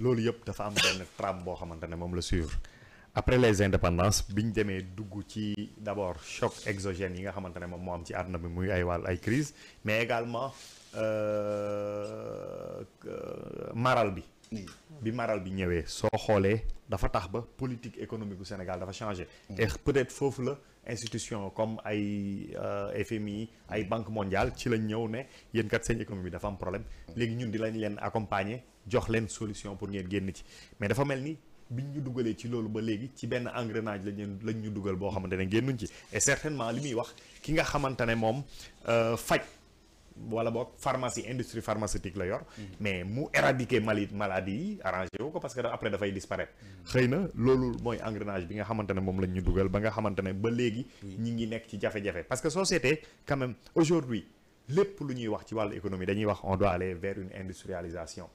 loolu yëpp dafa am benn trame boo xamante ne moom la suivre après les indépendances bi ñu demee dugg ci d' abord choc exogène yi nga xamante ne moom moo am ci àdduna bi muy ay wàll ay crise mais également euh, euh, maral bi bi maral bi ñëwee soo xoolee dafa tax ba politique économique bu Sénégal dafa changé et peut-être foofu la institution comme ay euh, FMI ay banque mondiale ci lañ ñëw ne yéen kat seen économie dafa am problème léegi ñun di lañ leen accompagner jox leen solution pour ngeen génn ci mais dafa mel ni biñ ñu dugalee ci loolu ba léegi ci benn engrenage lañ lañ ñu dugal boo xamante ne génnuñ ci et certainement li muy wax ki nga xamante ne moom euh, faj wala boog pharmacie industrie pharmaceutique la yor mhm. mais mu éradiquer mali maladie yi arrangé wu ko parce que après dafay disparaître mhm. xëy na loolu mooy engrenage bi nga xamante ne moom lañ ñu dugal ba nga xamante ne ba léegi ñi ngi nekk ci jafe-jafe parce que société quand même aujourd'hui lépp lu ñuy wax ci wàllu économie dañuy wax on doit aller vers une industrialisation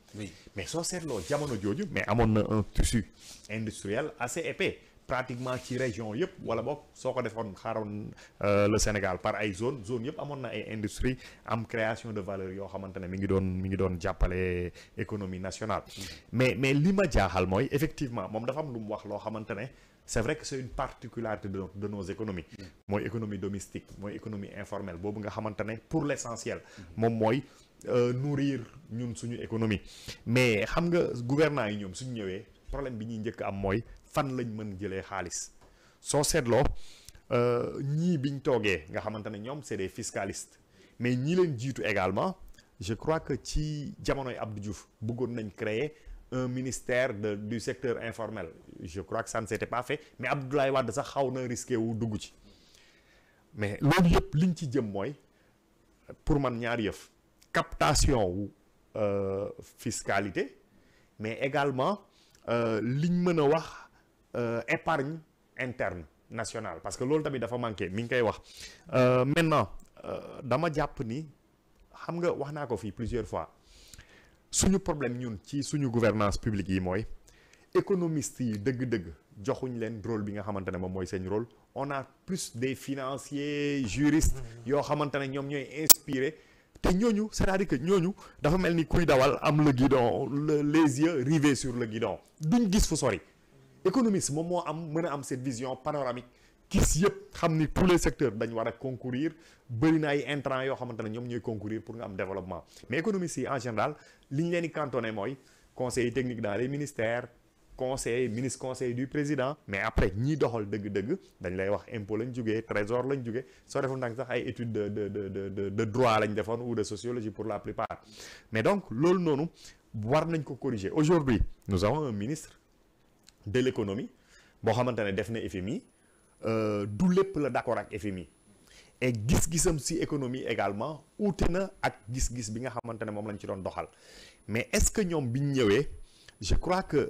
mais soo seetloo jamono jooju mais amoon na un tissu industriel assez épais pratiquement ci région yep, wala bok soko defone xaron euh, le Sénégal par ay zone zone yep amone na ay industrie am création de valeur yo xamante mi ngi don, mi ngi don jappalé économie nationale mm. mais mais lima ma moy effectivement mom dafa am lu mu wax lo xamante c'est vrai que c'est une particularité de, de nos économies moy mm. économie domestique moy économie informelle bobu nga xamante pour l'essentiel moom mooy euh, nourrir ñun suñu économie mais xam nga gouvernement yi ñom suñu ñëwé problème bi ñi njëkk am moy fan lañ mën jëlee so sétlo euh ñi biñ toogee nga xamante ñom c'est des fiscalistes mais ñi leen jitu également je crois que ci jamonoy Abdou Diouf bëggoon nañ créer un ministère de du secteur informel je crois que ça ne s'était pas fait mais Abdoulaye Wad sax xawna risqué wu dugg ci mais loolu yëpp liñ ci jëm moy pour man ñaar yëf captation euh, fiscalité mais également Euh, liñ mën a wax euh, épargne interne nationale parce que loolu tamit dafa manqué mi ngi koy wax euh, maintenant dama jàpp ni xam nga wax naa ko fii plusieurs fois suñu problème ñun ci suñu gouvernance publique yi mooy économistes yi dëgg-dëgg joxuñ leen rôle bi nga xamante ne moom mooy seen rôle on a plus des financier juristes yoo xamante ne ñoom ñooy inspiré te ñooñu c'est-à-dire que ñooñu dafa mel ni kuy dawal am le guidon les yeux rivés sur le guidon duñ gis fu sori économiste moom moo am mën am cette vision panoramique qui yëpp xam tous les secteurs dañ concourir bëri na ay intrants yoo concourir pour nga développement mais économistes en général li ñu conseiller cantonné technique dans les ministères conseil ministre conseil du président mais après ni doxal deug deug dañ lay wax impôt lañ jugee trésor lañ jugee so defoon ndànk sax ay étude de de de de de droit lañ ou de sociologie pour la plupart mais donc loolu noonu war nañ ko corriger aujourd'hui nous avons un ministre de l'économie bo xamante ne def na FMI euh, du lepp la d'accord ak FMI et gis-gisam si économie également uute na ak gis-gis bi nga xamante ne lañ ci doon doxal mais est-ce que ñom biñ ñëwé je crois que euh,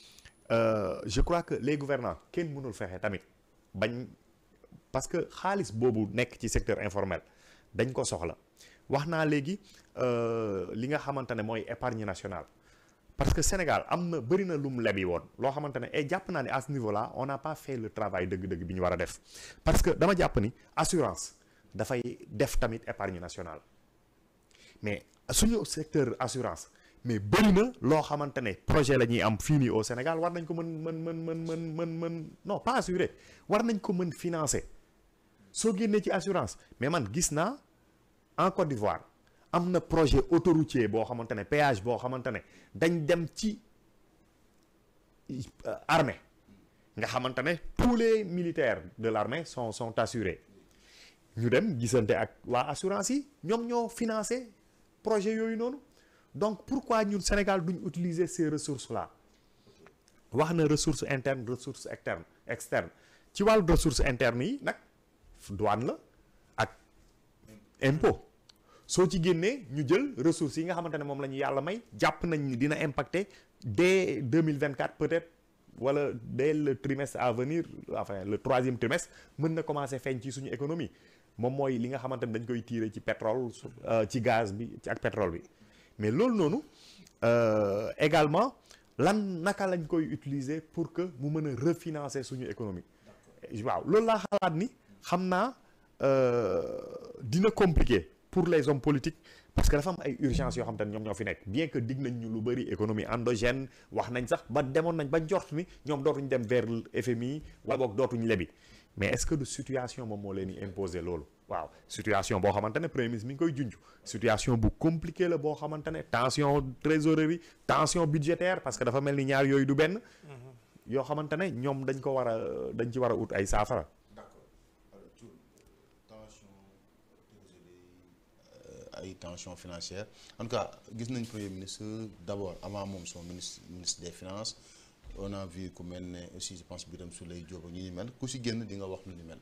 Euh, je crois que les gouvernants ne mënul fexe tamit parce que qui sont dans ci secteur informel dañ ko soxla wax naa léegi euh, li nga xamante épargne nationale parce que Sénégal am na le lum lebi won. Lo xamante et eh, à ce niveau là on n'a pas fait le travail de dëgg bi def parce que dama le ni assurance fay def tamit épargne nationale mais le secteur assurance mais bari na lo xamante projet lañuy am fini au Sénégal war nañ ko mën mën mën mën mën mën mën non pas assuré war nañ ko mën financer so guéné ci assurance mais man gis na en Côte d'Ivoire am na projet autoroutier bo xamante péage bo xamante dañ dem ci euh, armée nga xamante tous les militaires de l'armée sont sont assurés ñu dem gisante ak waa assurance yi ñom ñoo financer projet yoyu noonu. donc pourquoi ñun Sénégal duñ utiliser ces ressources là wax na ressource interne ressource externe externe ci wàllu ressource interne yi nag douane la ak impôt soo ci génnee ñu jël ressources yi nga xamante ne moom la ñu yàlla may jàpp nañ ni deux mille vingt 2024 peut-être wala dès le trimestre à venir enfin le troisième trimestre mën na commencer feeñ ci suñu économie moom mooy li nga xamante ne dañ koy tirer ci pétrole euh, ci gaz bi ak pétrole bi mais nonou euh, également lan naka lañ koy utiliser pour que mu meuna refinancer suñu économie waaw loolu la xalat ni xamna euh dina compliqué pour les hommes politiques parce que dafa am ay urgence yo xam te ne ñoo fi nek bien que digne nañ ñu lu bari économie endogène wax nañ sax ba demoon nañ ba njort ni ñoom dootuñ dem vers FMI wala boog dootuñ lebi mais est-ce que le situation mom mo leni imposer loolu waaw situation bo xamante premier ministre mi ngi koy junj situation bu compliqué la bo xamante tension trésorerie tension budgétaire parce que dafa melni ñaar yoy du ben yoo xamante ne dañ ko wara a dañ ci wara out ay safara d'accord tension euh, ay tension financière en tout cas gis nañ premier ministre d'abord avant mom son ministre ministre des finances on a vu ku mel aussi je pense biram Souleye Diop ñi mel ku ci génn di nga wax lu mel.